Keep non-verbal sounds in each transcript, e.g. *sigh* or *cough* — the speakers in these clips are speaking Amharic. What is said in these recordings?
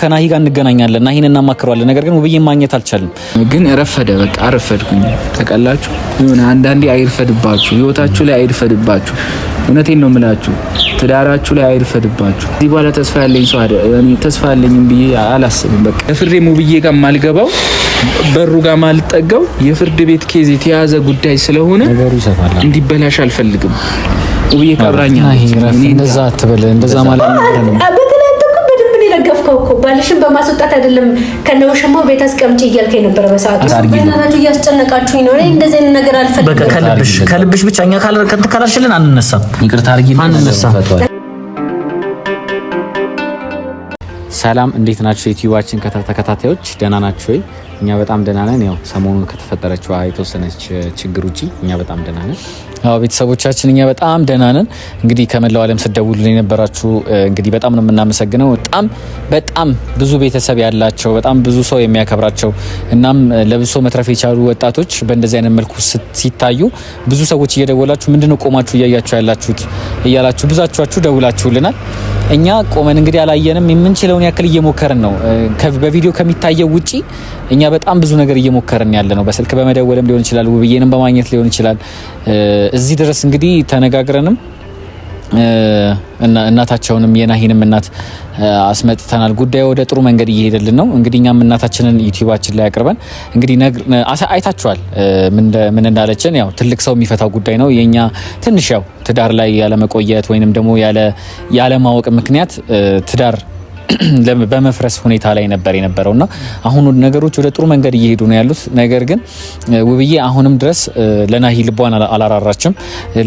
ከናሂ ጋር እንገናኛለን፣ ናሂን እናማክረዋለን። ነገር ግን ውብዬ ማግኘት አልቻልም። ግን ረፈደ፣ በቃ አረፈድኩኝ። ተቀላችሁ የሆነ አንዳንዴ አይርፈድባችሁ፣ ህይወታችሁ ላይ አይርፈድባችሁ። እውነቴን ነው የምላችሁ፣ ትዳራችሁ ላይ አይርፈድባችሁ። እዚህ በኋላ ተስፋ ያለኝ ሰው እኔ ተስፋ ያለኝም ብዬ አላስብም። በቃ የፍሬም ውብዬ ጋር ማልገባው በሩ ጋር ማልጠጋው የፍርድ ቤት ኬዝ የተያዘ ጉዳይ ስለሆነ እንዲበላሽ አልፈልግም። ውብዬ ቀብራኛ እንደዛ አትበል፣ እንደዛ ማለት ነው አለፍከው እኮ ባልሽን በማስወጣት አይደለም ከነውሽማው ቤት አስቀምጪ እያልከ የነበረ በሰዓቱ በእናታችሁ እያስጨነቃችሁኝ ነው። እንደዚህ አይነት ነገር አልፈልግም። ከልብሽ ከልብሽ ብቻ እኛ ካላልሽልን አንነሳም። ይቅርታ አድርጊ፣ አንነሳም። ሰላም እንዴት ናችሁ? የዩቲዩባችን ተከታታዮች ደህና ናችሁ ወይ? እኛ በጣም ደህና ነን። ያው ሰሞኑን ከተፈጠረችው የተወሰነች ችግር ውጪ እኛ በጣም ደህና ነን። ቤተሰቦቻችን እኛ በጣም ደህና ነን። እንግዲህ ከመላው ዓለም ስደውሉ የነበራችሁ እንግዲህ በጣም ነው የምናመሰግነው። በጣም በጣም ብዙ ቤተሰብ ያላቸው በጣም ብዙ ሰው የሚያከብራቸው እናም ለብሶ መትረፍ የቻሉ ወጣቶች በእንደዚህ አይነት መልኩ ሲታዩ ብዙ ሰዎች እየደወላችሁ ምንድነው ቆማችሁ እያያችሁ ያላችሁት እያላችሁ ብዛችኋችሁ ደውላችሁልናል። እኛ ቆመን እንግዲህ አላየንም። የምንችለውን ያክል እየሞከርን ነው በቪዲዮ ከሚታየው ውጪ እኛ በጣም ብዙ ነገር እየሞከርን ያለ ነው። በስልክ በመደወልም ሊሆን ይችላል፣ ውብዬንም በማግኘት ሊሆን ይችላል። እዚህ ድረስ እንግዲህ ተነጋግረንም እናታቸውንም የናሂንም እናት አስመጥተናል። ጉዳዩ ወደ ጥሩ መንገድ እየሄደልን ነው። እንግዲህ እኛም እናታችንን ዩቲዩባችን ላይ አቅርበን እንግዲህ አይታችኋል ምን እንዳለችን። ያው ትልቅ ሰው የሚፈታው ጉዳይ ነው። የኛ ትንሽ ያው ትዳር ላይ ያለመቆየት ወይንም ደግሞ ያለማወቅ ምክንያት ትዳር *clears throat* በመፍረስ ሁኔታ ላይ ነበር የነበረው እና አሁን ነገሮች ወደ ጥሩ መንገድ እየሄዱ ነው ያሉት። ነገር ግን ውብዬ አሁንም ድረስ ለናሂ ልቧን አላራራችም፣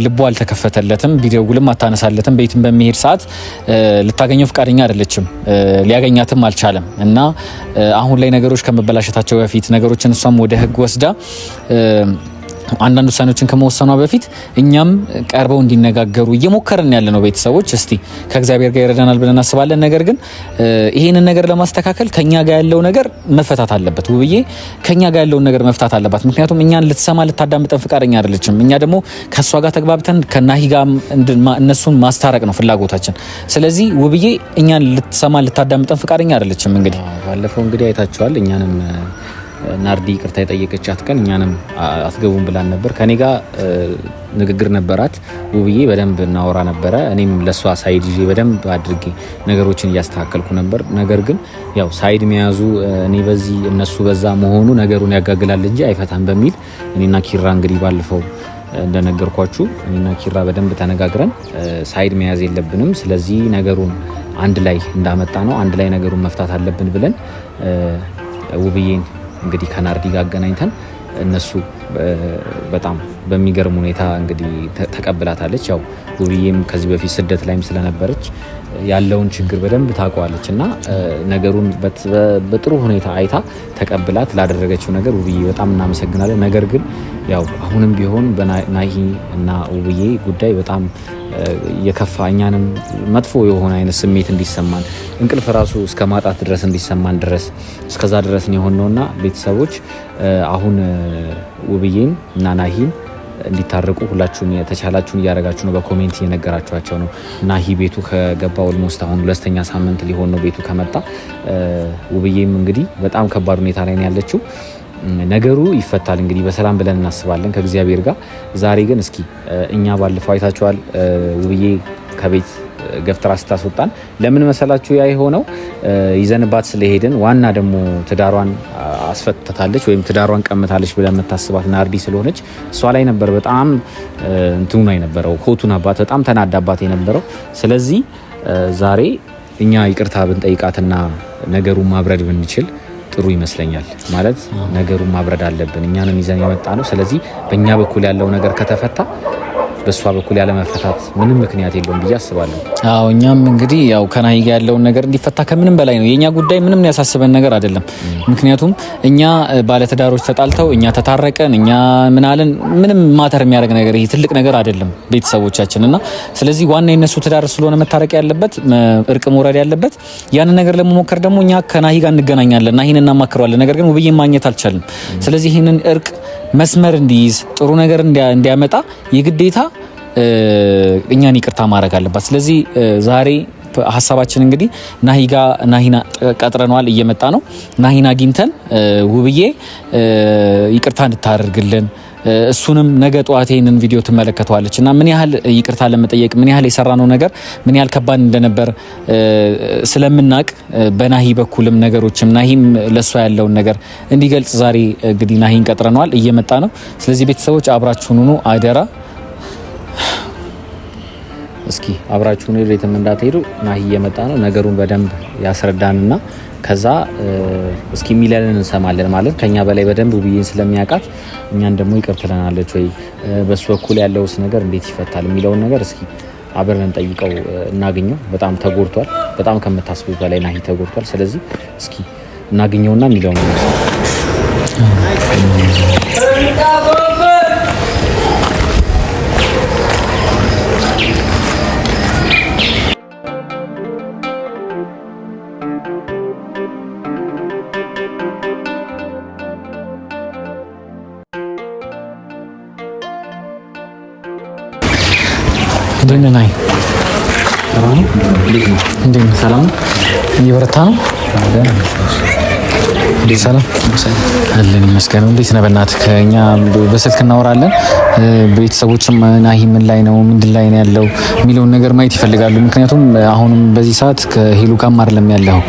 ልቧ አልተከፈተለትም። ቢደውልም አታነሳለትም። ቤትም በሚሄድ ሰዓት ልታገኘው ፈቃደኛ አይደለችም፣ ሊያገኛትም አልቻለም እና አሁን ላይ ነገሮች ከመበላሸታቸው በፊት ነገሮችን እሷም ወደ ህግ ወስዳ አንዳንድ ውሳኔዎችን ከመወሰኗ በፊት እኛም ቀርበው እንዲነጋገሩ እየሞከርን ያለ ነው። ቤተሰቦች እስቲ ከእግዚአብሔር ጋር ይረዳናል ብለን እናስባለን። ነገር ግን ይህንን ነገር ለማስተካከል ከኛ ጋር ያለው ነገር መፈታት አለበት። ውብዬ ከኛ ጋር ያለውን ነገር መፍታት አለባት። ምክንያቱም እኛን ልትሰማ ልታዳምጠን ፍቃደኛ አይደለችም። እኛ ደግሞ ከእሷ ጋር ተግባብተን ከናሂ ጋር እነሱን ማስታረቅ ነው ፍላጎታችን። ስለዚህ ውብዬ እኛን ልትሰማ ልታዳምጠን ፍቃደኛ አይደለችም። እንግዲህ ባለፈው እንግዲህ አይታችኋል እኛንም ናርዲ ቅርታ የጠየቀቻት ቀን እኛንም አትገቡም ብላን ነበር። ከኔ ጋር ንግግር ነበራት ውብዬ፣ በደንብ እናወራ ነበረ። እኔም ለእሷ ሳይድ ይዤ በደንብ አድርጌ ነገሮችን እያስተካከልኩ ነበር። ነገር ግን ያው ሳይድ መያዙ እኔ በዚህ እነሱ በዛ መሆኑ ነገሩን ያጋግላል እንጂ አይፈታም በሚል እኔና ኪራ እንግዲህ ባለፈው እንደነገርኳችሁ እኔና ኪራ በደንብ ተነጋግረን ሳይድ መያዝ የለብንም ስለዚህ ነገሩን አንድ ላይ እንዳመጣ ነው አንድ ላይ ነገሩን መፍታት አለብን ብለን ውብዬን እንግዲህ ከናርዲ ጋር አገናኝተን እነሱ በጣም በሚገርም ሁኔታ እንግዲህ ተቀብላታለች። ያው ውብዬም ከዚህ በፊት ስደት ላይም ስለነበረች ያለውን ችግር በደንብ ታውቀዋለች እና ነገሩን በጥሩ ሁኔታ አይታ ተቀብላት ላደረገችው ነገር ውብዬ በጣም እናመሰግናለን። ነገር ግን ያው አሁንም ቢሆን በናሂ እና ውብዬ ጉዳይ በጣም የከፋ እኛንም መጥፎ የሆነ አይነት ስሜት እንዲሰማን እንቅልፍ ራሱ እስከ ማጣት ድረስ እንዲሰማን ድረስ እስከዛ ድረስ ነው የሆነውና ቤተሰቦች አሁን ውብዬን እና ናሂን እንዲታረቁ ሁላችሁም የተቻላችሁን እያደረጋችሁ ነው። በኮሜንት እየነገራችኋቸው ነው። ናሂ ቤቱ ከገባ ኦልሞስት አሁን ሁለተኛ ሳምንት ሊሆን ነው ቤቱ ከመጣ። ውብዬም እንግዲህ በጣም ከባድ ሁኔታ ላይ ነው ያለችው። ነገሩ ይፈታል እንግዲህ በሰላም ብለን እናስባለን ከእግዚአብሔር ጋር። ዛሬ ግን እስኪ እኛ ባለፈው አይታችኋል ውብዬ ከቤት ገፍትራ ስታስወጣን ለምን መሰላችሁ? ያ የሆነው ይዘንባት ስለሄድን ዋና ደግሞ ትዳሯን አስፈትታለች ወይም ትዳሯን ቀምታለች ብላ የምታስባት ናርዲ ስለሆነች እሷ ላይ ነበር በጣም እንትኑ የነበረው ሆቱን አባት በጣም ተናዳባት የነበረው። ስለዚህ ዛሬ እኛ ይቅርታ ብንጠይቃትና ነገሩን ማብረድ ብንችል ጥሩ ይመስለኛል። ማለት ነገሩን ማብረድ አለብን፣ እኛንም ይዘን የመጣ ነው። ስለዚህ በእኛ በኩል ያለው ነገር ከተፈታ በእሷ በኩል ያለመፈታት ምንም ምክንያት የለውም ብዬ አስባለሁ። አዎ እኛም እንግዲህ ያው ከናሂ ጋር ያለውን ነገር እንዲፈታ ከምንም በላይ ነው የእኛ ጉዳይ። ምንም ያሳስበን ነገር አይደለም። ምክንያቱም እኛ ባለትዳሮች ተጣልተው እኛ ተታረቀን እኛ ምናለን ምንም ማተር የሚያደርግ ነገር ይሄ ትልቅ ነገር አይደለም ቤተሰቦቻችን እና ስለዚህ ዋና የነሱ ትዳር ስለሆነ መታረቅ ያለበት እርቅ መውረድ ያለበት ያንን ነገር ለመሞከር ደግሞ እኛ ከናሂ ጋር እንገናኛለን፣ ናሂን እናማክረዋለን። ነገር ግን ውብዬን ማግኘት አልቻልም። ስለዚህ ይህንን እርቅ መስመር እንዲይዝ ጥሩ ነገር እንዲያመጣ የግዴታ እኛን ይቅርታ ማድረግ አለባት። ስለዚህ ዛሬ ሀሳባችን እንግዲህ ናሂጋ ናሂና ቀጥረነዋል፣ እየመጣ ነው። ናሂና አግኝተን ውብዬ ይቅርታ እንድታደርግልን እሱንም ነገ ጠዋት ይህንን ቪዲዮ ትመለከተዋለች እና ምን ያህል ይቅርታ ለመጠየቅ ምን ያህል የሰራነው ነገር ምን ያህል ከባድ እንደነበር ስለምናቅ በናሂ በኩልም ነገሮችም ናሂም ለእሷ ያለውን ነገር እንዲገልጽ ዛሬ እንግዲህ ናሂን ቀጥረነዋል፣ እየመጣ ነው። ስለዚህ ቤተሰቦች አብራችሁን ሁኑ አደራ። እስኪ አብራችሁን ሄዱ፣ የትም እንዳትሄዱ። ናሂ እየመጣ ነው። ነገሩን በደንብ ያስረዳንና ከዛ እስኪ የሚለንን እንሰማለን። ማለት ከኛ በላይ በደንብ ውብዬን ስለሚያውቃት እኛን ደግሞ ይቅር ትለናለች ወይ፣ በሱ በኩል ያለውስ ነገር እንዴት ይፈታል የሚለውን ነገር እስኪ አብረን ጠይቀው እናገኘው። በጣም ተጎድቷል። በጣም ከምታስቡ በላይ ናሂ ተጎድቷል። ስለዚህ እስኪ እናገኘውና የሚለውን ነው እየበረታ ነው። ሰላም አለን ይመስገን። እንዴት ነህ? በእናትህ ከኛ በስልክ እናወራለን። ቤተሰቦችም ናሂ ምን ላይ ነው ምንድን ላይ ነው ያለው የሚለውን ነገር ማየት ይፈልጋሉ። ምክንያቱም አሁንም በዚህ ሰዓት ከሄሉ ጋርም አይደለም ያለው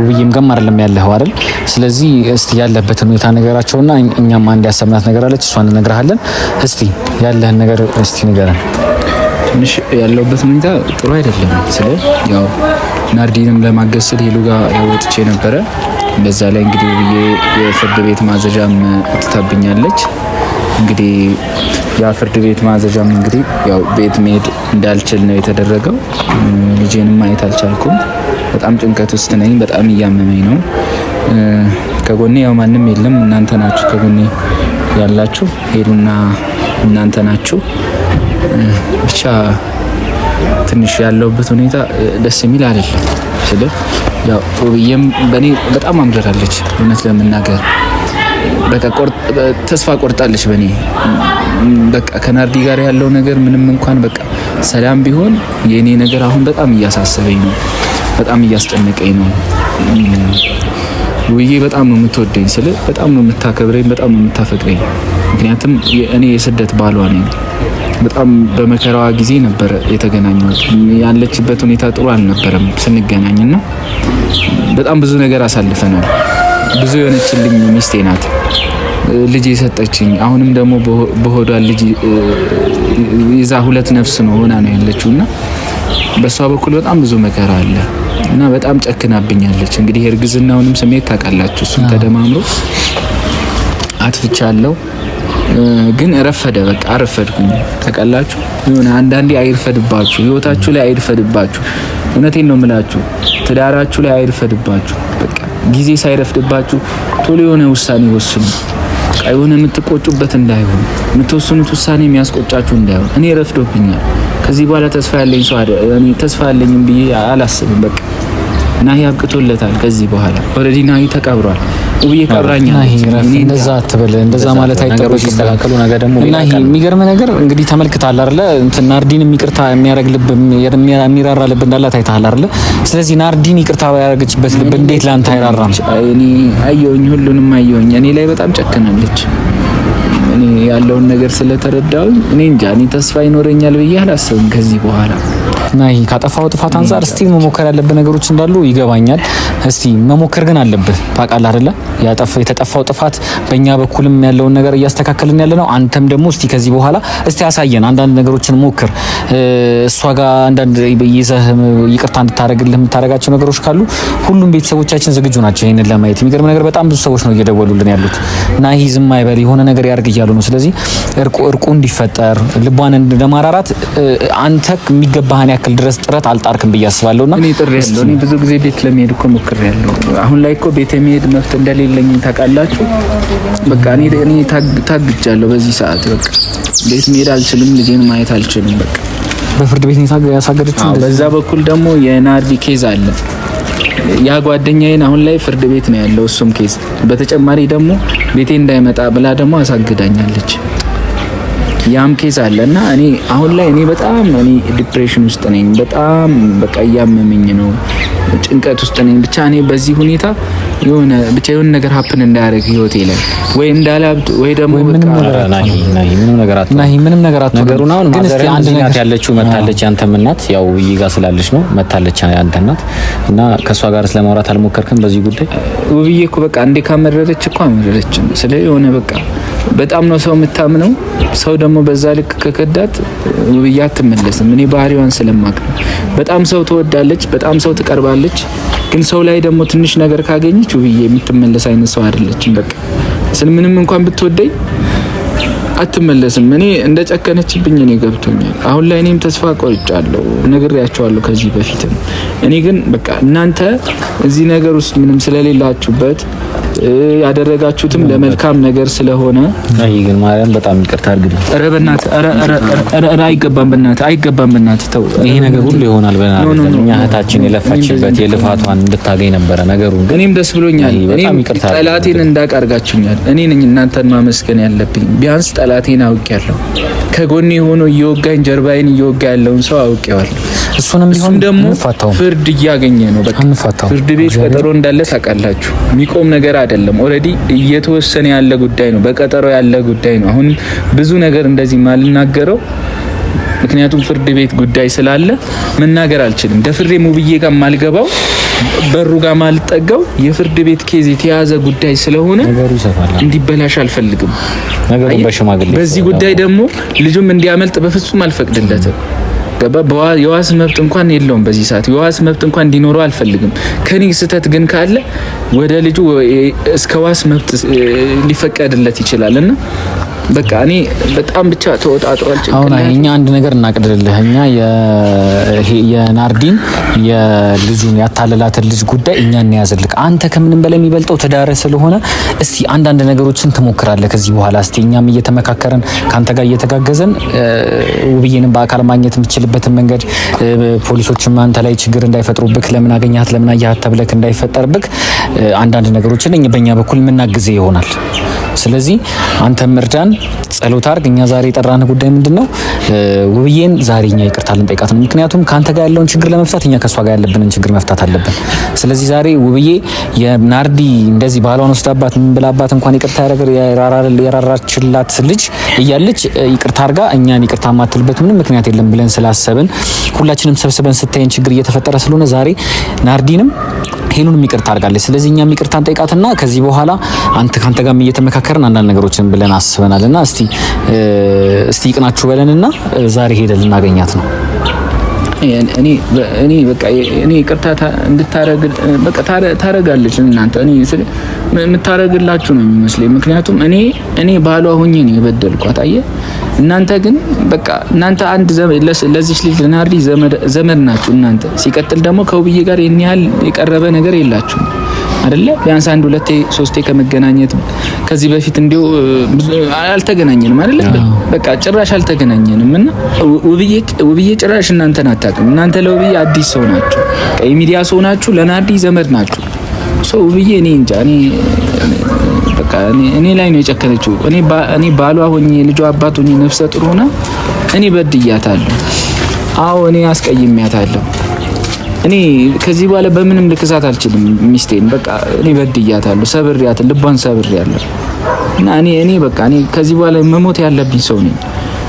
ውብዬም ጋርም አይደለም ያለው አይደል? ስለዚህ እስቲ ያለበትን ሁኔታ ነገራቸውና እኛም አንድ ያሰብናት ነገር አለች፣ እሷን እነግርሃለን። እስቲ ያለህን ነገር እስቲ ንገረን። ትንሽ ያለውበት ሁኔታ ጥሩ አይደለም። ስለ ያው ናርዲንም ለማገዝ ስል ሄሉ ጋር ያወጥቼ ነበረ። በዛ ላይ እንግዲህ ብዬ የፍርድ ቤት ማዘዣም ትታብኛለች። እንግዲህ ያ ፍርድ ቤት ማዘዣም እንግዲህ ያው ቤት መሄድ እንዳልችል ነው የተደረገው። ልጄንም ማየት አልቻልኩም። በጣም ጭንቀት ውስጥ ነኝ። በጣም እያመመኝ ነው። ከጎኔ ያው ማንም የለም። እናንተ ናችሁ ከጎኔ ያላችሁ ሄሉና እናንተ ናችሁ። ብቻ ትንሽ ያለውበት ሁኔታ ደስ የሚል አይደለም። ስለ ያው ውብዬም በእኔ በጣም አምርራለች። እውነት ለመናገር በቃ ተስፋ ቆርጣለች በእኔ በቃ ከናርዲ ጋር ያለው ነገር ምንም እንኳን በቃ ሰላም ቢሆን የእኔ ነገር አሁን በጣም እያሳሰበኝ ነው፣ በጣም እያስጨነቀኝ ነው። ውብዬ በጣም ነው የምትወደኝ ስል በጣም ነው የምታከብረኝ፣ በጣም ነው የምታፈቅረኝ። ምክንያቱም እኔ የስደት ባሏ ነኝ። በጣም በመከራዋ ጊዜ ነበረ የተገናኘሁት። ያለችበት ሁኔታ ጥሩ አልነበረም እና በጣም ብዙ ነገር አሳልፈናል። ብዙ የሆነችልኝ ሚስቴ ናት፣ ልጅ የሰጠችኝ። አሁንም ደግሞ በሆዷ ልጅ ይዛ ሁለት ነፍስ ነው ሆና ነው ያለችው እና በእሷ በኩል በጣም ብዙ መከራ አለ እና በጣም ጨክናብኛለች። እንግዲህ እርግዝናውንም ስሜት ታውቃላችሁ። እሱን ተደማምሮ አጥፍቻለሁ ግን ረፈደ። በቃ አረፈድኩኝ። ተቀላችሁ የሆነ አንዳንዴ አይርፈድባችሁ፣ ህይወታችሁ ላይ አይርፈድባችሁ። እውነቴን ነው የምላችሁ፣ ትዳራችሁ ላይ አይርፈድባችሁ። በቃ ጊዜ ሳይረፍድባችሁ ቶሎ የሆነ ውሳኔ ወስኑ። በቃ የሆነ የምትቆጩበት እንዳይሆን፣ የምትወስኑት ውሳኔ የሚያስቆጫችሁ እንዳይሆን። እኔ ረፍዶብኛል። ከዚህ በኋላ ተስፋ ያለኝ ሰው ተስፋ ያለኝም ብዬ አላስብም። በቃ ናሂ አብቅቶለታል። ከዚህ በኋላ ኦልሬዲ ናሂ ተቀብሯል። ውብዬ ቀብራኛ እንደዛ አትበል። እንደዛ ማለት ደግሞ እና የሚገርም ነገር እንግዲህ ተመልክተሃል አይደለ? እንትን ናርዲን ይቅርታ የሚያደርግ ልብ የሚራራ ልብ እንዳላት አይተሃል አይደለ? ስለዚህ ናርዲን ይቅርታ ያደረገችበት ልብ እንዴት ለአንተ አይራራም? እኔ አየሁኝ፣ ሁሉንም አየሁኝ። እኔ ላይ በጣም ጨክናለች። እኔ ያለውን ነገር ስለተረዳሁኝ እኔ እንጃ፣ እኔ ተስፋ ይኖረኛል ብዬ አላሰብም ከዚህ በኋላ እና ይሄ ካጠፋው ጥፋት አንጻር እስቲ መሞከር ያለብህ ነገሮች እንዳሉ ይገባኛል። እስቲ መሞከር ግን አለብህ። ታውቃለህ አይደለ? የተጠፋው ጥፋት በእኛ በኩልም ያለውን ነገር እያስተካከልን ያለ ነው። አንተም ደግሞ እስቲ ከዚህ በኋላ እስቲ ያሳየን፣ አንዳንድ ነገሮችን ሞክር። እሷ ጋር አንዳንድ ይዘህ ይቅርታ እንድታደርግልህ የምታደርጋቸው ነገሮች ካሉ ሁሉም ቤተሰቦቻችን ዝግጁ ናቸው ይህንን ለማየት። የሚገርም ነገር በጣም ብዙ ሰዎች ነው እየደወሉልን ያሉት እና ይህ ዝም አይበል የሆነ ነገር ያርግ እያሉ ነው። ስለዚህ እርቁ እንዲፈጠር ልቧን ለማራራት አንተ የሚገባህን ያክል ድረስ ጥረት አልጣርክም ብዬ አስባለሁ። እና እኔ ጥሬ ያለሁ እኔ ብዙ ጊዜ ቤት ለመሄድ እኮ ሞክሬ ያለሁ። አሁን ላይ እኮ ቤት የመሄድ መብት እንደሌለኝ ታውቃላችሁ። በቃ እኔ እኔ ታግጃለሁ። በዚህ ሰዓት በቃ ቤት መሄድ አልችልም። ልጄን ማየት አልችልም። በቃ በፍርድ ቤት ነው ያሳገደችው። በዛ በኩል ደግሞ የናርዲ ኬዝ አለ። ያ ጓደኛዬን አሁን ላይ ፍርድ ቤት ነው ያለው እሱም ኬዝ። በተጨማሪ ደግሞ ቤቴ እንዳይመጣ ብላ ደግሞ አሳግዳኛለች። ያም ኬዝ አለ እና እኔ አሁን ላይ እኔ በጣም እኔ ዲፕሬሽን ውስጥ ነኝ። በጣም በቃ እያመመኝ ነው፣ ጭንቀት ውስጥ ነኝ። ብቻ እኔ በዚህ ሁኔታ የሆነ ብቻ የሆነ ነገር ሀፕን እንዳያደርግ ህይወቴ ላይ ወይ እንዳላብድ ወይ ደግሞ ምንም ነገር አትሆን። ነገሩን አሁን እናት ያለችው መታለች። ያንተም እናት ያው ውይ ጋር ስላለች ነው መታለች። ያንተ እናት እና ከእሷ ጋር ስለማውራት አልሞከርክም በዚህ ጉዳይ? ውብዬ እኮ በቃ እንዴ ካመረረች እኮ አመረረችም። ስለ የሆነ በቃ በጣም ነው ሰው የምታምነው። ሰው ደግሞ በዛ ልክ ከከዳት ውብዬ አትመለስም። እኔ ባህሪዋን ስለማቅ ነው። በጣም ሰው ትወዳለች፣ በጣም ሰው ትቀርባለች ግን ሰው ላይ ደግሞ ትንሽ ነገር ካገኘች ውብዬ የምትመለስ አይነት ሰው አይደለችም። በቃ ስል ምንም እንኳን ብትወደኝ አትመለስም። እኔ እንደ ጨከነችብኝ እኔ ገብቶኛል። አሁን ላይ እኔም ተስፋ ቆርጫለሁ፣ ነግሬያቸዋለሁ ከዚህ በፊትም። እኔ ግን በቃ እናንተ እዚህ ነገር ውስጥ ምንም ስለሌላችሁበት ያደረጋችሁትም ለመልካም ነገር ስለሆነ አይ ግን ማርያም በጣም ይቅርታ አርግ። ኧረ በእናትህ ኧረ ኧረ አይገባም፣ በእናትህ አይገባም፣ በእናትህ ተው። ይሄ ነገር ሁሉ ይሆናል በእናትህ እኛ እህታችን የለፋችበት የልፋቷን እንድታገኝ ነበረ ነገሩ። እኔም ደስ ብሎኛል። እኔም ጠላቴን እንዳቀርጋችሁኛል። እኔ ነኝ እናንተን ማመስገን ያለብኝ። ቢያንስ ጠላቴን አውቄያለሁ። ከጎኔ ሆኖ እየወጋኝ ጀርባዬን እየወጋ ያለውን ሰው አውቄዋል። እሱንም ቢሆን ደግሞ ፍርድ እያገኘ ነው። በቃ ፍርድ ቤት ቀጠሮ እንዳለ ታውቃላችሁ። የሚቆም ነገር አይደለም። ኦልሬዲ እየተወሰነ ያለ ጉዳይ ነው። በቀጠሮ ያለ ጉዳይ ነው። አሁን ብዙ ነገር እንደዚህ ማልናገረው ምክንያቱም ፍርድ ቤት ጉዳይ ስላለ መናገር አልችልም። ደፍሬ ሙብዬ ጋር ማልገባው በሩ ጋር ማልጠጋው የፍርድ ቤት ኬዝ የተያዘ ጉዳይ ስለሆነ እንዲበላሽ አልፈልግም። በዚህ ጉዳይ ደግሞ ልጁም እንዲያመልጥ በፍጹም አልፈቅድለትም። የዋስ መብት እንኳን የለውም። በዚህ ሰዓት የዋስ መብት እንኳን እንዲኖረው አልፈልግም። ከኔ ስህተት ግን ካለ ወደ ልጁ እስከ ዋስ መብት ሊፈቀድለት ይችላል እና በቃ እኔ በጣም ብቻ ተወጣጥሯል። አሁን እኛ አንድ ነገር እናቅድልህ። እኛ የናርዲን የልጁን ያታለላትን ልጅ ጉዳይ እኛ እንያዝልክ። አንተ ከምንም በላይ የሚበልጠው ተዳረ ስለሆነ እስቲ አንዳንድ ነገሮችን ትሞክራለህ ከዚህ በኋላ እስቲ እኛም እየተመካከረን ከአንተ ጋር እየተጋገዘን ውብዬንም በአካል ማግኘት የምትችልበትን መንገድ ፖሊሶችም አንተ ላይ ችግር እንዳይፈጥሩብክ ለምን አገኛት ለምን አያት ተብለክ እንዳይፈጠርብክ አንዳንድ ነገሮችን በእኛ በኩል የምናግዜ ይሆናል። ስለዚህ አንተ ምርዳን ጸሎት አድርግ። እኛ ዛሬ የጠራን ጉዳይ ምንድን ነው? ውብዬን ዛሬ እኛ ይቅርታ ልንጠይቃት ነው። ምክንያቱም ከአንተ ጋር ያለውን ችግር ለመፍታት እኛ ከእሷ ጋር ያለብንን ችግር መፍታት አለብን። ስለዚህ ዛሬ ውብዬ የናርዲ እንደዚህ ባሏን ወስዳባት ምን ብላባት እንኳን ይቅርታ የራራችላት ልጅ እያለች ይቅርታ አርጋ እኛን ይቅርታ ማትልበት ምንም ምክንያት የለም ብለን ስላሰብን ሁላችንም ሰብስበን ስታይን ችግር እየተፈጠረ ስለሆነ ዛሬ ናርዲንም ሄሉንም ይቅርታ አርጋለች። ስለዚህ እኛም ይቅርታ እንጠይቃትና ከዚህ በኋላ አንተ ካንተ ጋርም እየተመካ ተመካከርን፣ አንዳንድ ነገሮችን ብለን አስበናል እና እስቲ እስቲ ይቅናችሁ በለንና ዛሬ ሄደን ልናገኛት ነው። እኔ እኔ በቃ እኔ ይቅርታ እንድታረግ ታረጋለች። እናንተ የምታረግላችሁ ነው የሚመስለኝ። ምክንያቱም እኔ እኔ ባሏ ሆኜ ነው የበደልኳት። አየህ እናንተ ግን በቃ እናንተ አንድ ለዚች ልጅ ለናርዲ ዘመድ ናችሁ እናንተ። ሲቀጥል ደግሞ ከውብዬ ጋር ይህን ያህል የቀረበ ነገር የላችሁም። አደለ? ቢያንስ አንድ ሁለቴ ሶስቴ ከመገናኘት ከዚህ በፊት እንዲሁ አልተገናኘንም አይደለ? በቃ ጭራሽ አልተገናኘንም። እና ውብዬ ጭራሽ እናንተን አታውቅም። እናንተ ለውብዬ አዲስ ሰው ናችሁ፣ ቀይ ሚዲያ ሰው ናችሁ፣ ለናዲ ዘመድ ናችሁ። ውብዬ እኔ እንጃ እኔ እኔ ላይ ነው የጨከነችው። እኔ እኔ ባሏ ሆኜ ልጇ አባት ሆኜ ነፍሰ ጥሩ ሆና እኔ በድያታለሁ። አዎ እኔ አስቀይሜያታለሁ። እኔ ከዚህ በኋላ በምንም ልክሳት አልችልም። ሚስቴን በቃ እኔ በድያታለሁ፣ ሰብሬያት ልቧን ሰብሬያለሁ እና እኔ እኔ በቃ እኔ ከዚህ በኋላ መሞት ያለብኝ ሰው ነኝ።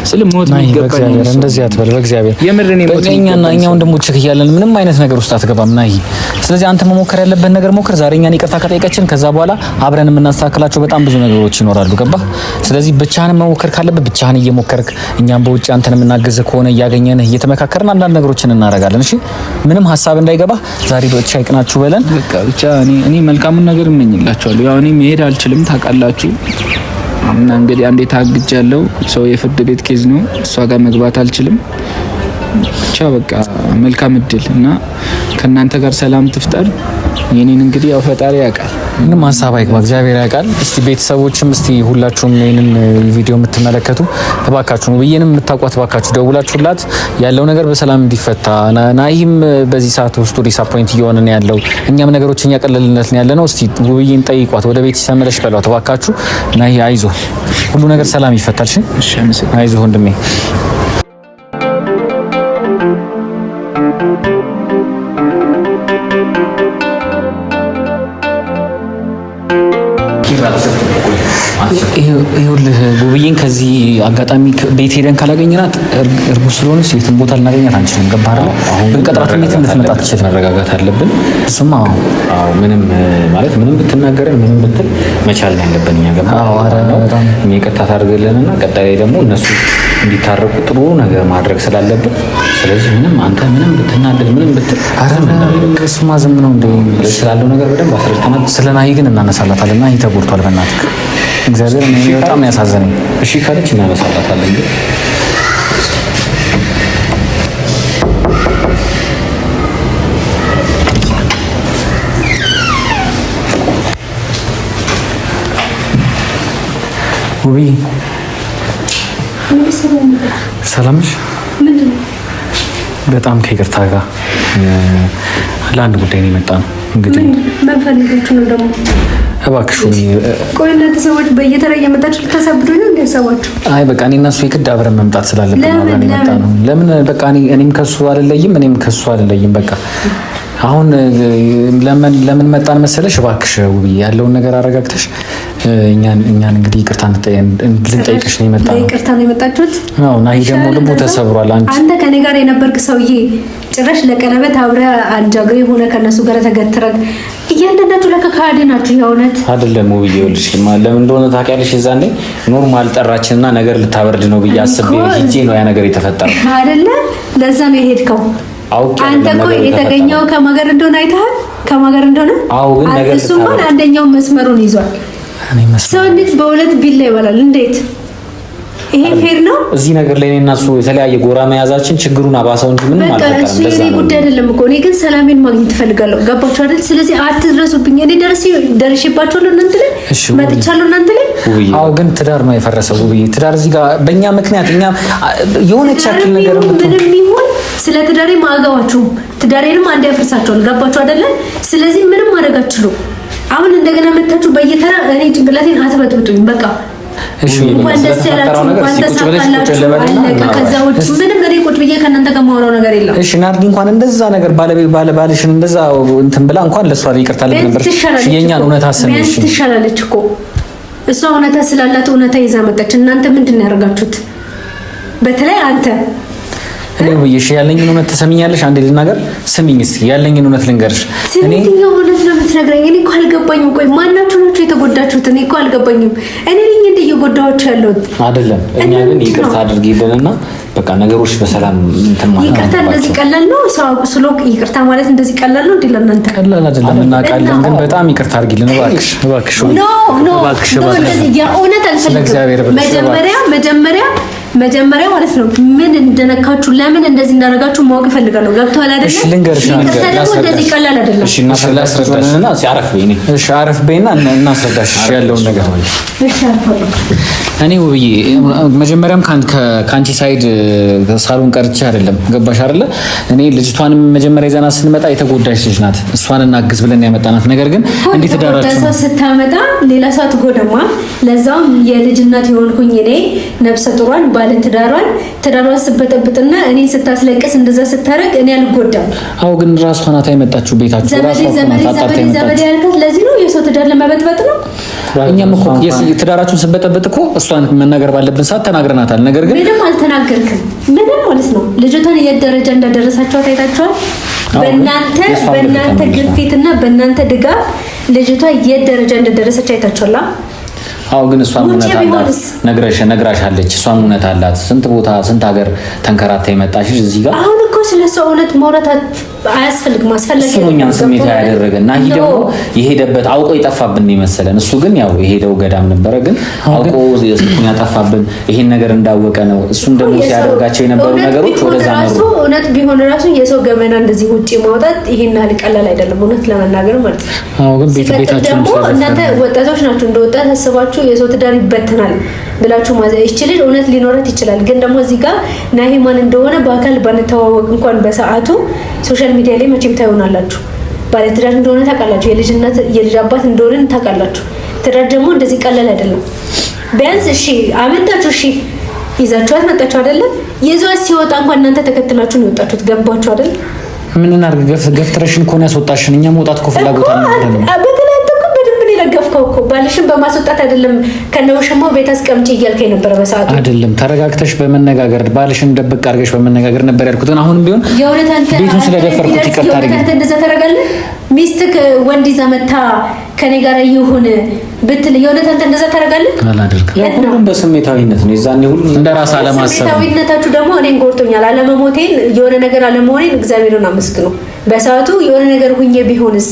ስለሞት ይገባኛል። እንደዚህ አትበል በእግዚአብሔር የምርን ሞት እኛና እኛ ወንድሞች እያለን ምንም አይነት ነገር ውስጥ አትገባም ናይ። ስለዚህ አንተ መሞከር ያለበት ነገር ሞክር። ዛሬ እኛን ይቅርታ ከጠየቀችን ከዛ በኋላ አብረን የምናስተካክላቸው በጣም ብዙ ነገሮች ይኖራሉ። ገባ? ስለዚህ ብቻህን መሞከር ካለበት ብቻህን እየሞከርክ እኛም በውጭ አንተን የምናገዝ ከሆነ እያገኘንህ እየተመካከርን አንዳንድ ነገሮችን እናደርጋለን። እሺ፣ ምንም ሀሳብ እንዳይገባ ዛሬ ብቻ ይቅናችሁ በለን። በቃ ብቻ እኔ መልካሙን ነገር እመኝላችኋለሁ። ያው እኔ መሄድ አልችልም ታውቃላችሁ እና እንግዲህ አንዴ ታግጅ ያለው ሰው የፍርድ ቤት ኬዝ ነው። እሷ ጋር መግባት አልችልም። ብቻ በቃ መልካም እድል እና ከእናንተ ጋር ሰላም ትፍጠር። የኔን እንግዲህ ያው ፈጣሪ ያውቃል። ምንም ሀሳብ አይግባ፣ እግዚአብሔር ያውቃል። እስቲ ቤተሰቦችም እስቲ ሁላችሁም ይህንን ቪዲዮ የምትመለከቱ እባካችሁ ብዬንም የምታውቋት እባካችሁ ደውላችሁላት ያለው ነገር በሰላም እንዲፈታ ናሂም በዚህ ሰዓት ውስጡ ዲስአፖይንት እየሆነ ነው ያለው፣ እኛም ነገሮችን እያቀለልነት ነው ያለ ነው። እስቲ ውብዬን ጠይቋት፣ ወደ ቤት ሲመለሽ በሏት እባካችሁ ናሂ አይዞ፣ ሁሉ ነገር ሰላም ይፈታል። አይዞ ወንድሜ። በዚህ አጋጣሚ ቤት ሄደን ካላገኘናት እርጉዝ ስለሆነች የትም ቦታ ልናገኛት አንችልም። ገባር አይደል? ብንቀጥራት እንዴት እንድትመጣ ትችል? መረጋጋት አለብን። እሱማ ምንም ማለት ምንም ብትናገረን ምንም ብትል መቻል ያለብን እኛ ገባህ እኛ የቀጥታ ታደርግልንና ቀጣይ ደግሞ እነሱ እንዲታረቁ ጥሩ ነገር ማድረግ ስላለብን፣ ስለዚህ ምንም አንተ ምንም ብትናደድ ምንም ብትል እሱማ ዝም ነው እንደ ስላለው ነገር በደንብ አስረድተናል። ስለ ናሂ ግን እናነሳላታል እና ተጎድቷል በእናትህ እግዚአብሔርን በጣም ነው ያሳዘነኝ። እሺ ካለች እናነሳላታለን ግን ውብዬ ሰላም ነሽ? በጣም ከይቅርታ ጋር ለአንድ ጉዳይ ነው የመጣ ነው። እንግዲህ ምን ፈልጋችሁ ነው ደግሞ? እባክሽ ቆይ እናንተ ሰዎች በየተራ እየመጣችሁ ልታሳብዱ ነው እንዲያሳዋችሁ። አይ በቃ እኔ እና እሱ የግድ አብረን መምጣት ስላለብን ነው የመጣ ነው። ለምን በቃ እኔም ከሱ አልለይም፣ እኔም ከሱ አልለይም በቃ አሁን ለምን መጣን መሰለሽ? እባክሽ ውብዬ ያለውን ነገር አረጋግተሽ እኛን እኛን እንግዲህ ይቅርታ ልንጠይቅሽ ነው የመጣ ይቅርታ ነው የመጣችሁት። ናሂ ደግሞ ልቡ ተሰብሯል። አንቺ አንተ ከኔ ጋር የነበርክ ሰውዬ ጭራሽ ለቀለበት አብረህ አንጃግሬ ሆነ ከነሱ ጋር ተገትረን እያንዳንዳችሁ ለካ ከሃዲ ናችሁ። የእውነት አይደለም ውብዬ፣ ይኸውልሽ ለምን እንደሆነ ታውቂያለሽ። የዛኔ ኖርማል ጠራችንና ነገር ልታበርድ ነው ብዬ አስቤ ሂጄ ነው ያ ነገር የተፈጠረው አይደለም ለዛ ነው የሄድከው አንተ እኮ የተገኘው ከማገር እንደሆነ አይተሃል። ከማገር እንደሆነ ግን ነገር እሱ እንኳን አንደኛው መስመሩን ይዟል። ሰው እንዴት በሁለት ቢላ ይበላል? እንዴት ይሄ ፌር ነው? እዚህ ነገር ላይ እኔና እሱ የተለያየ ጎራ መያዛችን ችግሩን አባሰው እንጂ ምንም አልፈጠረም። እሱ የኔ ጉዳይ አይደለም እኮ እኔ ግን ሰላሜን ማግኘት እፈልጋለሁ። ገባችሁ አይደል? ስለዚህ አትድረሱብኝ። እኔ ደርሼባችኋለሁ፣ እናንተ ላይ መጥቻለሁ፣ እናንተ ላይ አዎ። ግን ትዳር ነው የፈረሰው ውብዬ። ትዳር እዚህ ጋር በእኛ ምክንያት እኛ የሆነ ቻክል ነገር ምንም ይሁን ስለ ትዳሬ ማገባችሁም ትዳሬንም አንድ ያፈርሳቸዋል። ገባችሁ አይደለ? ስለዚህ ምንም ማድረግ አትችሉም። አሁን እንደገና መታችሁ በየተራ እኔ ጭንቅላቴን አትበጥብጡኝ። በቃ እንኳን ነገር እሺ እንኳን እንደዛ ነገር እንደዛ እንትን ብላ እንኳን እውነታ ትሻላለች እኮ እሷ ስላላት እውነታ ይዛ መጣች። እናንተ ምንድን ነው ያደርጋችሁት? በተለይ አንተ ፍሬው ብዬሽ ያለኝን እውነት ትሰሚኛለሽ? አንዴ ልናገር። ስሚኝ እስኪ ያለኝን እውነት ልንገርሽ። እኔ የትኛው እውነት ነው የምትነግረኝ? እኔ እኮ አልገባኝም። ቆይ ማናችሁ ናችሁ የተጎዳችሁት? እኔ እኮ አልገባኝም። እኔ ልኝ እንደ እየጎዳኋችሁ ያለሁት አይደለም። እኛ ግን ይቅርታ አድርጊልንና በቃ ነገሮች በሰላም እንትን ማለት ይቅርታ እንደዚህ ቀላል ነው? ሰው አቁስሎ ይቅርታ ማለት እንደዚህ ቀላል ነው? እንዴ? ለእናንተ ቀላል አይደለም። እናውቃለን፣ ግን በጣም ይቅርታ አድርጊልን እባክሽ፣ እባክሽ። ኖ ኖ ኖ፣ እንደዚህ የእውነት አልፈልግም። መጀመሪያ መጀመሪያ መጀመሪያ ማለት ነው ምን እንደነካችሁ ለምን እንደዚህ እንዳደረጋችሁ ማወቅ እፈልጋለሁ። ገብቶሃል አይደለ? ልንገርሽ እንደዚህ ቀላል አይደለም። እሺ ሲያረፍ እሺ አረፍ በይና እናስረዳሽ ያለውን ነገር። እሺ እኔ ውብዬ መጀመሪያም ከአንቺ ሳይድ ሳሎን ቀርቼ አይደለም ገባሽ አይደለ? እኔ ልጅቷን መጀመሪያ ይዘና ስንመጣ የተጎዳሽ ልጅ ናት፣ እሷን እናግዝ ብለን ያመጣናት ነገር ግን እንዴት ተዳራችሁ? ዳራችሁ ስታመጣ ሌላ ሰዓት ጎደማ ለዛም የልጅነት የሆንኩኝ እኔ ነብሰ ጡሯን ባለ ትዳሯን ትዳሯን ስበጠብጥና እኔ ስታስለቅስ እንደዛ ስታረግ እኔ አልጎዳም። አዎ ግን ራሷ ናት የመጣችው ቤታችሁ። ዘመዴ ያልካት ለዚህ ነው የሰው ትዳር ለመበጥበጥ ነው። እኛም እኮ ትዳራችሁን ስበጠበጥ እኮ እሷን መናገር ባለብን ሰዓት ተናግረናታል። ነገር ግን ደግሞ አልተናገርክም። ምንም ማለት ነው ልጅቷን የት ደረጃ እንዳደረሳቸዋት አይታቸዋል። በእናንተ በእናንተ ግፊትና በእናንተ ድጋፍ ልጅቷ የት ደረጃ እንደደረሰች አይታቸዋላ አዎ ግን እሷም እውነት አላት፣ ነግራሻለች። እሷም እውነት አላት። ስንት ቦታ ስንት ሀገር ተንከራታ የመጣሽ እዚህ ጋር አሁን እኮ ስለ ሰው እውነት ማውራት አያስፈልግ አስፈላጊ ነው። እኛን ስሜት ያደረገ እና ይህ ደግሞ የሄደበት አውቆ የጠፋብን እሱ ግን ያው የሄደው ገዳም ነበረ፣ ግን አውቆ ጠፋብን። ይሄን ነገር እንዳወቀ ነው እሱም ደግሞ ሲያደርጋቸው የነበሩ ነገሮች ወደዛ ነው። እውነት ቢሆን ራሱ የሰው ገመና እንደዚህ ውጭ ማውጣት ይሄን ያህል ቀላል አይደለም፣ እውነት ለመናገር ማለት ነው። ግን እናንተ ወጣቶች ናቸው። እንደ ወጣት አስባችሁ የሰው ትዳር ይበተናል ብላችሁ ማዘ እውነት ሊኖረት ይችላል። ግን ደግሞ እዚህ ጋር እንደሆነ በአካል ባንተዋወቅ እንኳን በሰዓቱ ሶሻል ሚዲያ ላይ መቼም ታይሆናላችሁ። ባለትዳር እንደሆነ ታውቃላችሁ። የልጅነት የልጅ አባት እንደሆነ ታውቃላችሁ። ትዳር ደግሞ እንደዚህ ቀላል አይደለም። ቢያንስ እሺ አመንታችሁ እሺ ይዛችኋት መጣችሁ አይደለም። የዛት ሲወጣ እንኳን እናንተ ተከትላችሁ ነው የወጣችሁት። ገባችሁ አይደለም። ምን እናድርግ? ገፍትረሽን ከሆነ ያስወጣሽን እኛ መውጣት እኮ ፍላጎት አለ የረገፍከው እኮ ባልሽን በማስወጣት አይደለም። ከነውሽማው ቤት አስቀምጪ እያልከኝ ነበረ በሰዓቱ። አይደለም ተረጋግተሽ በመነጋገር ባልሽን ደብቅ አድርገሽ በመነጋገር ነበር ያልኩትን። አሁንም ቢሆን ቤቱን ስለደፈርኩት ይቅርታ አድርጊ። እንደዛ ታደርጋለህ? ሚስትህ ወንድ ይዛ መታ ከኔ ጋር ይሁን ብትል የእውነት አንተ እንደዛ ታደርጋለህ? አላደርግም። ሁሉም በስሜታዊነት ነው። የዛኔ ሁሉ እንደ ራስ አለማሰብ። ስሜታዊነታችሁ ደግሞ እኔን ጎርቶኛል። አለመሞቴን የሆነ ነገር አለመሆኔን እግዚአብሔርን አመስግነው። በሰዓቱ የሆነ ነገር ሁኜ ቢሆንስ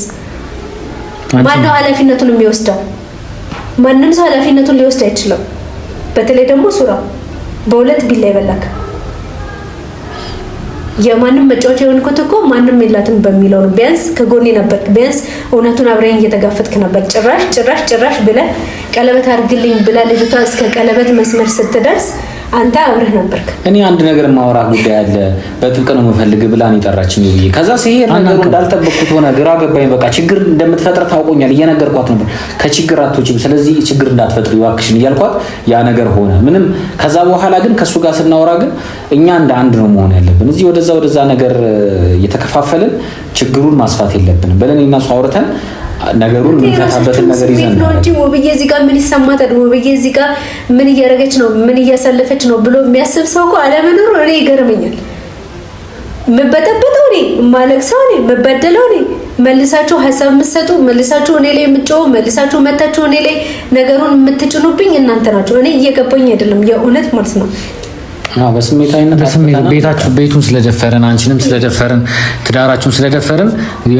ማነው ኃላፊነቱን የሚወስደው? ማንም ሰው ኃላፊነቱን ሊወስድ አይችልም። በተለይ ደግሞ ሱራ በሁለት ቢላ ይበላክ የማንም መጫወቻ የሆንኩት እኮ ማንም የላትም በሚለው ነው። ቢያንስ ከጎኔ ነበር፣ ቢያንስ እውነቱን አብረኝ እየተጋፈጥክ ነበር። ጭራሽ ጭራሽ ጭራሽ ብለህ ቀለበት አድርግልኝ ብላ ልጅቷ እስከ ቀለበት መስመር ስትደርስ አንተ አብረህ ነበርክ። እኔ አንድ ነገር ማውራት ጉዳይ አለ በጥብቅ ነው የምፈልግ ብላ ነው የጠራችኝ ብዬ ከዛ ሲሄድ ነገሩ እንዳልጠበቅኩት ሆነ፣ ግራ ገባኝ። በቃ ችግር እንደምትፈጥር ታውቆኛል፣ እየነገርኳት ነበር። ከችግር አትወጪም፣ ስለዚህ ችግር እንዳትፈጥሪ ይዋክሽን እያልኳት ያ ነገር ሆነ ምንም። ከዛ በኋላ ግን ከእሱ ጋር ስናወራ ግን እኛ እንደ አንድ ነው መሆን ያለብን። እዚህ ወደዛ ወደዛ ነገር እየተከፋፈልን ችግሩን ማስፋት የለብንም። በለን እና እሱ አውርተን ነገሩን የምንፈታበትን ነገር ይዘን ነው እንጂ ውብዬ እዚህ ጋር ምን ይሰማታል፣ ውብዬ እዚህ ጋር ምን እያደረገች ነው፣ ምን እያሳለፈች ነው ብሎ የሚያስብ ሰው እኮ አለመኖሩ እኔ ይገርመኛል። የምበጠበጠው እኔ የማለቅሰው እኔ የምበደለው እኔ መልሳችሁ ሀሳብ የምትሰጡ መልሳችሁ እኔ ላይ የምትጮው መልሳችሁ መታችሁ እኔ ላይ ነገሩን የምትጭኑብኝ እናንተ ናችሁ። እኔ እየገባኝ አይደለም የእውነት ማለት ነው። ቤታችሁ ቤቱን ስለደፈረን አንቺንም ስለደፈረን ትዳራችሁን ስለደፈረን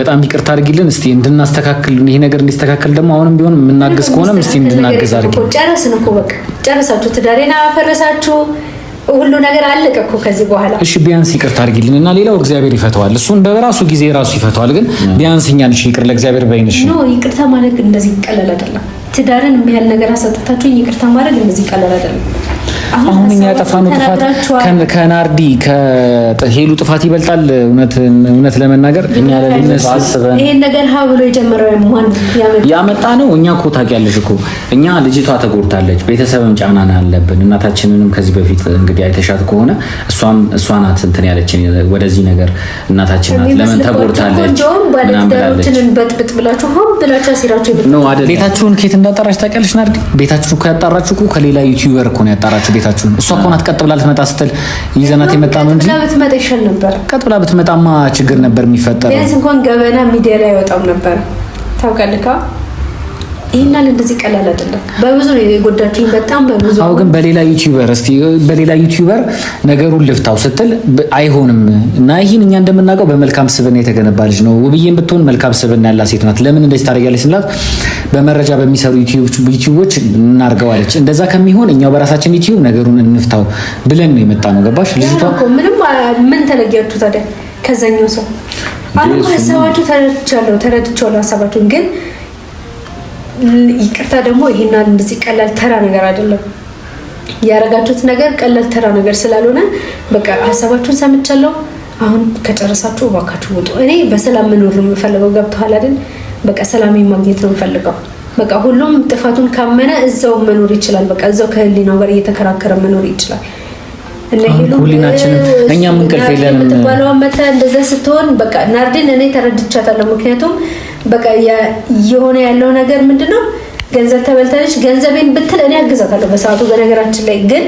በጣም ይቅርታ አድርጊልን። እስቲ እንድናስተካክል ይሄ ነገር እንዲስተካከል ደግሞ አሁንም ቢሆን የምናግዝ ከሆነም እስቲ እንድናግዝ አድርጊ። ጨረስን እኮ በቃ ጨረሳችሁ፣ ትዳሬን አፈረሳችሁ። ሁሉ ነገር አለቀ እኮ ከዚህ በኋላ እሺ፣ ቢያንስ ይቅርታ አድርጊልን እና ሌላው እግዚአብሔር ይፈተዋል። እሱን በራሱ ጊዜ ራሱ ይፈተዋል። ግን ቢያንስ እኛን ይቅር ለእግዚአብሔር በይንሽ ይቅርታ ማለት እንደዚህ ይቀላል አይደለም ትዳርን የሚያህል ነገር አሰጥታችሁኝ ይቅርታ ማድረግ እንደዚህ ቀላል አይደለም። አሁን እኛ ያጠፋነው ጥፋት ከናርዲ ከሄሉ ጥፋት ይበልጣል። እውነት ለመናገር እኛ ይሄን ነገር ሀ ብሎ የጀመረው ያመጣ ነው። እኛ እኮ ታውቂያለሽ እኮ እኛ ልጅቷ ተጎድታለች፣ ቤተሰብም ጫና ጫናን ያለብን። እናታችንንም ከዚህ በፊት እንግዲህ አይተሻት ከሆነ እሷም እሷ ናት እንትን ያለችን ወደዚህ ነገር እናታችን ናት። ለምን ተጎድታለች? ባለትዳሮችን በጥብጥ ብላችሁ ሆን ብላችሁ አሲራችሁ ቤታችሁን ኬት እንዳጠራች ታውቂያለሽ። ናርዲ ቤታችሁ እኮ ያጣራችሁ እኮ ከሌላ ዩቲዩበር እኮ ነው ያጣራችሁ ቤታችሁን። እሷ እኮ ናት ቀጥ ብላ ልትመጣ ስትል ይዘናት የመጣ ነው እንጂ ቀጥ ብላ ብትመጣማ ችግር ነበር የሚፈጠረው። ቢያንስ እንኳን ገበና ሚዲያ ላይ አይወጣም ነበር ታውቃለህ። ይህናል እንደዚህ ቀላል አይደለም። በብዙ ነው የጎዳችኝ፣ በጣም በብዙ አሁ ግን በሌላ ዩቲዩበር እስኪ በሌላ ዩቲዩበር ነገሩን ልፍታው ስትል አይሆንም እና ይህን እኛ እንደምናውቀው በመልካም ስብና የተገነባ ልጅ ነው። ውብዬም ብትሆን መልካም ስብና ያላት ሴት ናት። ለምን እንደዚህ ታደርጊያለች ስንላት በመረጃ በሚሰሩ ዩቲዩቦች እናርገዋለች። እንደዛ ከሚሆን እኛው በራሳችን ዩቲዩብ ነገሩን እንፍታው ብለን ነው የመጣ ነው። ገባሽ? ልጅቷ ምንም ምን ተለያችሁ ታዲያ ከዛኛው ሰው አሁን ሀሳባችሁ ተረድቻለሁ፣ ተረድቻለሁ ሀሳባቸውን ግን ይቅርታ ደግሞ ይሄና እንደዚህ ቀላል ተራ ነገር አይደለም። ያረጋችሁት ነገር ቀላል ተራ ነገር ስላልሆነ በቃ ሀሳባችሁን ሰምቻለሁ። አሁን ከጨረሳችሁ እባካችሁ ውጡ። እኔ በሰላም መኖር ነው የምፈልገው። ገብተዋል አይደል? በቃ ሰላም ማግኘት ነው የምፈልገው። በቃ ሁሉም ጥፋቱን ካመነ እዛው መኖር ይችላል። በቃ እዛው ከህሊናው ጋር እየተከራከረ መኖር ይችላል። እኛም እንቅልፍ የለንም የምትባለዋ መታ እንደዛ ስትሆን በቃ ናርዲን እኔ ተረድቻታለሁ ምክንያቱም በቃ የሆነ ያለው ነገር ምንድን ነው? ገንዘብ ተበልታለች። ገንዘቤን ብትል እኔ አግዛታለሁ በሰዓቱ። በነገራችን ላይ ግን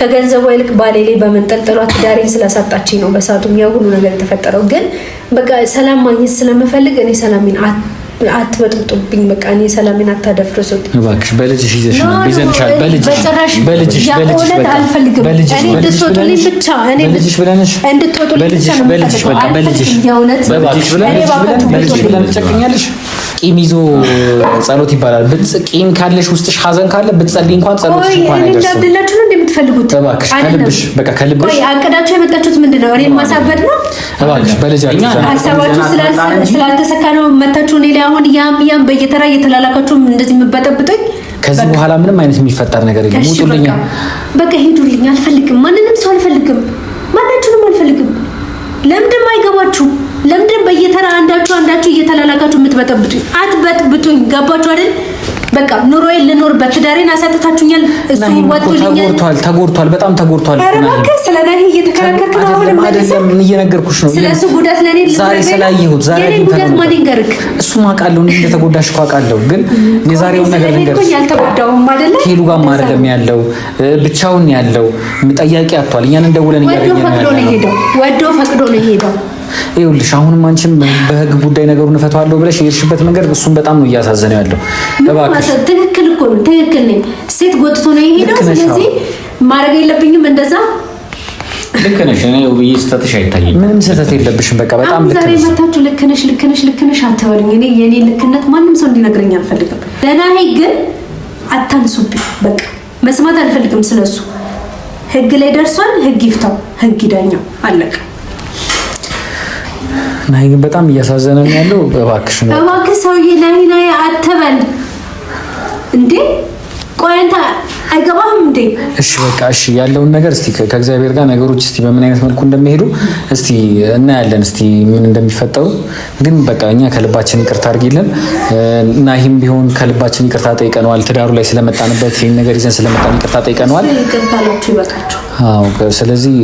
ከገንዘቧ ይልቅ ባሌ ላይ በመንጠልጠሏ ትዳሬን ስላሳጣችኝ ነው በሰዓቱ ያው ሁሉ ነገር የተፈጠረው። ግን በቃ ሰላም ማግኘት ስለምፈልግ እኔ ሰላሜን አትበጥብጡብኝ። በቃ እኔ ሰላሜን አታደፍርሱት እባክሽ። በልጅሽ ይዘሽ ነው ይዘንሻል። በልጅሽ በልጅሽ በልጅሽ በቃ አልፈልግም። እኔ ብቻ እኔ ብለንሽ እንድትወጡልኝ በልጅሽ በቃ በልጅሽ በልጅሽ በልጅሽ ብለን ጨቅኛለሽ። ቂም ይዞ ጸሎት ይባላል። ቂም ካለሽ ውስጥሽ ሀዘን ካለ ብትጸልይ እንኳን ጸሎት እንኳን አይደርስም። እንዳብድላችሁ ነው እንደምትፈልጉት እባክሽ፣ ከልብሽ በቃ ከልብሽ። ቆይ አቅዳችሁ የመጣችሁት ምንድን ነው? እኔ ማሳበድ ነው እባክሽ። ስላልተሰካ ነው እኔ ላይ አሁን ያም ያም በየተራ እየተላላካችሁ እንደዚህ የምበጠብጠኝ ከዚህ በኋላ ምንም አይነት የሚፈጠር ነገር የለም። ውጡልኝ፣ በቃ ሄዱልኝ። አልፈልግም፣ ማንንም ሰው አልፈልግም፣ ማናችሁንም አልፈልግም። ለምንድን አይገባችሁ? ለምንድን በየተራ አንዳችሁ አንዳችሁ እየተላላካችሁ የምትበጠብጡኝ? አትበጥብጡኝ። ገባችሁ አይደል? በቃ ኑሮዬ ልኖርበት ትዳሬን አሳጥታችሁኛል። እሱ ወጥቶልኛል። ተጎድቷል፣ ተጎድቷል፣ በጣም ተጎድቷል። ስለ እኔ እየተከራከርክ ነው። አሁንም አይደለም እየነገርኩሽ ነው። ስለሱ እሱ ጉዳት ለእኔ ዛሬ ስላየሁት ዛሬ ጉዳት ማን ማንገርክ እሱ አውቃለሁ፣ እንደ ተጎዳሽ እኮ አውቃለሁ። ግን የዛሬውን ነገር ልንገርሽ፣ አልተጎዳሁም አይደለ ሄሉ ጋርም አይደለም ያለው፣ ብቻውን ያለው ጠያቂ አጥቷል። እኛን እንደውለን እያገኘን ነው። ወዶ ፈቅዶ ነው የሄደው። ወዶ ፈቅዶ ነው የሄደው ይኸውልሽ አሁንም አንቺም በህግ ጉዳይ ነገሩን እፈታዋለሁ ብለሽ የሄድሽበት መንገድ እሱን በጣም ነው እያሳዘነው ያለው። ትክክል እኮ ነው፣ ትክክል ነኝ። ሴት ጎትቶ ነው የሄደው። ስለዚህ ማድረግ የለብኝም እንደዛ። ልክ ነሽ። እኔ ውብዬ ስህተትሽ አይታየኝም። ምንም ስህተት የለብሽም። በቃ በጣም ልክ ነሽ። ዛሬ መታችሁ ልክ ነሽ፣ ልክ ነሽ፣ ልክ ነሽ አትበሉኝ። እኔ የእኔ ልክነት ማንም ሰው እንዲነግረኝ አልፈልግም። ለናሄ ግን አታንሱብኝ። በቃ መስማት አልፈልግም ስለሱ። ህግ ላይ ደርሷል። ህግ ይፍታው፣ ህግ ይዳኛው። አለቀ። ናይ ግን በጣም እያሳዘነ ያለው እባክሽ ነው። እባክህ ሰውዬ ላይ ላይ አትበል እንዴ! ቆይ አንተ አይገባህም እንዴ? እሺ በቃ እሺ፣ ያለውን ነገር እስቲ ከእግዚአብሔር ጋር ነገሮች እስቲ በምን አይነት መልኩ እንደሚሄዱ እስቲ እናያለን። እስቲ ምን እንደሚፈጠሩ ግን በቃ እኛ ከልባችን ይቅርታ አድርጊልን እና ቢሆን ከልባችን ይቅርታ ጠይቀነዋል። ትዳሩ ላይ ስለመጣንበት ይህን ነገር ይዘን ስለመጣን ይቅርታ ጠይቀነዋል። ይቅርታ ይበቃቸው ስለዚህ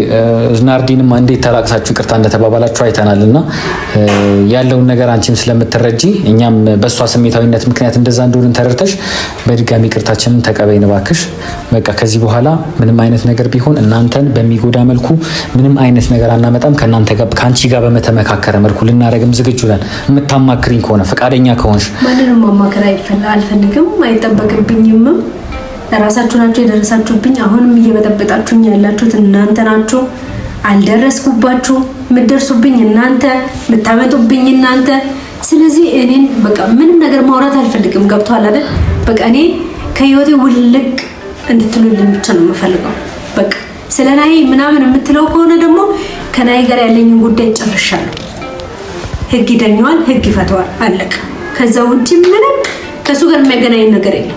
ናርዲንም እንዴት ተላቅሳችሁ ይቅርታ እንደተባባላችሁ አይተናል እና ያለውን ነገር አንቺም ስለምትረጂ እኛም በእሷ ስሜታዊነት ምክንያት እንደዛ እንደሆንን ተረድተሽ በድጋሚ ይቅርታችንን ተቀበይን እባክሽ። በቃ ከዚህ በኋላ ምንም አይነት ነገር ቢሆን እናንተን በሚጎዳ መልኩ ምንም አይነት ነገር አናመጣም። ከእናንተ ጋር ከአንቺ ጋር በመተመካከረ መልኩ ልናደርግም ዝግጁ ነን። የምታማክሪኝ ከሆነ ፈቃደኛ ከሆንሽ ማንንም ማማከር አልፈልግም አይጠበቅብኝምም ራሳችሁ ናችሁ የደረሳችሁብኝ። አሁንም እየበጠበጣችሁኝ ያላችሁት እናንተ ናችሁ። አልደረስኩባችሁ። የምትደርሱብኝ እናንተ፣ የምታመጡብኝ እናንተ። ስለዚህ እኔን በቃ ምንም ነገር ማውራት አልፈልግም። ገብቷል አይደል? በቃ እኔ ከህይወቴ ውልቅ እንድትሉልኝ ብቻ ነው የምፈልገው። በቃ ስለ ናይ ምናምን የምትለው ከሆነ ደግሞ ከናይ ጋር ያለኝን ጉዳይ ጨርሻለሁ። ህግ ይደኘዋል ህግ ይፈተዋል፣ አለቀ። ከዛ ውጭ ምንም ከእሱ ጋር የሚያገናኝ ነገር የለም።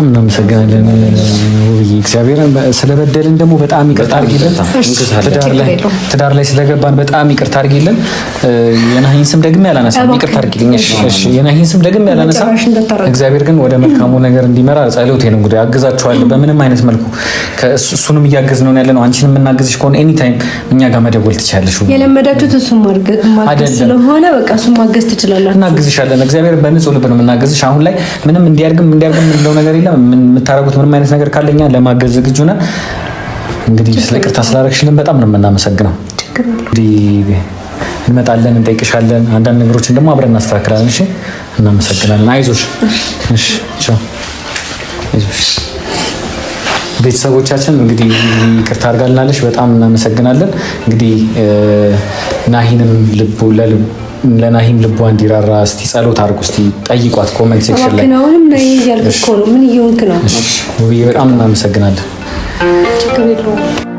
በጣም እናመሰግናለን ውብዬ። እግዚአብሔርን ስለበደልን ደግሞ በጣም ይቅርታ አድርጊልን። ትዳር ላይ ስለገባን በጣም ይቅርታ አድርጊልን። የናሂን ስም ደግሜ ያላነሳ ይቅርታ አድርጊልኝ። የናሂን ስም ደግሜ ያላነሳ እግዚአብሔር ግን ወደ መልካሙ ነገር እንዲመራ ጸሎቴ ነው። እንግዲህ አግዛችኋለሁ በምንም አይነት መልኩ እሱንም እያገዝ ነው ያለ ነው። አንቺን የምናግዝሽ ከሆነ ታይም እኛ ጋር መደወል ትችላለሽ። የለመዳችሁት እሱ ማገዝ ስለሆነ በቃ እሱ ማገዝ ትችላላችሁ። እናግዝሻለን። እግዚአብሔር በንጹህ ልብ ነው የምናግዝሽ። አሁን ላይ ምንም እንዲያርግም እንዲያርግም የምንለው ነገር የለም የምታደርጉት ምንም አይነት ነገር ካለኛ ለማገዝ ዝግጁ ነን። እንግዲህ ስለ ቅርታ ስላደረግሽልን በጣም ነው የምናመሰግነው። እንመጣለን፣ እንጠይቅሻለን። አንዳንድ ነገሮችን ደግሞ አብረን እናስተካክላለን። እሺ፣ እናመሰግናለን። አይዞሽ። እሺ፣ አይዞሽ። ቤተሰቦቻችን እንግዲህ ይቅርታ አድርጋልናለሽ። በጣም እናመሰግናለን። እንግዲህ ናሂንም ልቡ ለልቡ ለናሂም ልቧ እንዲራራ እስቲ ጸሎት አድርጉ። እስቲ ጠይቋት ኮመንት ሴክሽን ላይ አሁንም ነይ እያልኩ ነው። ምን እየሆንክ ነው? በጣም እናመሰግናለን።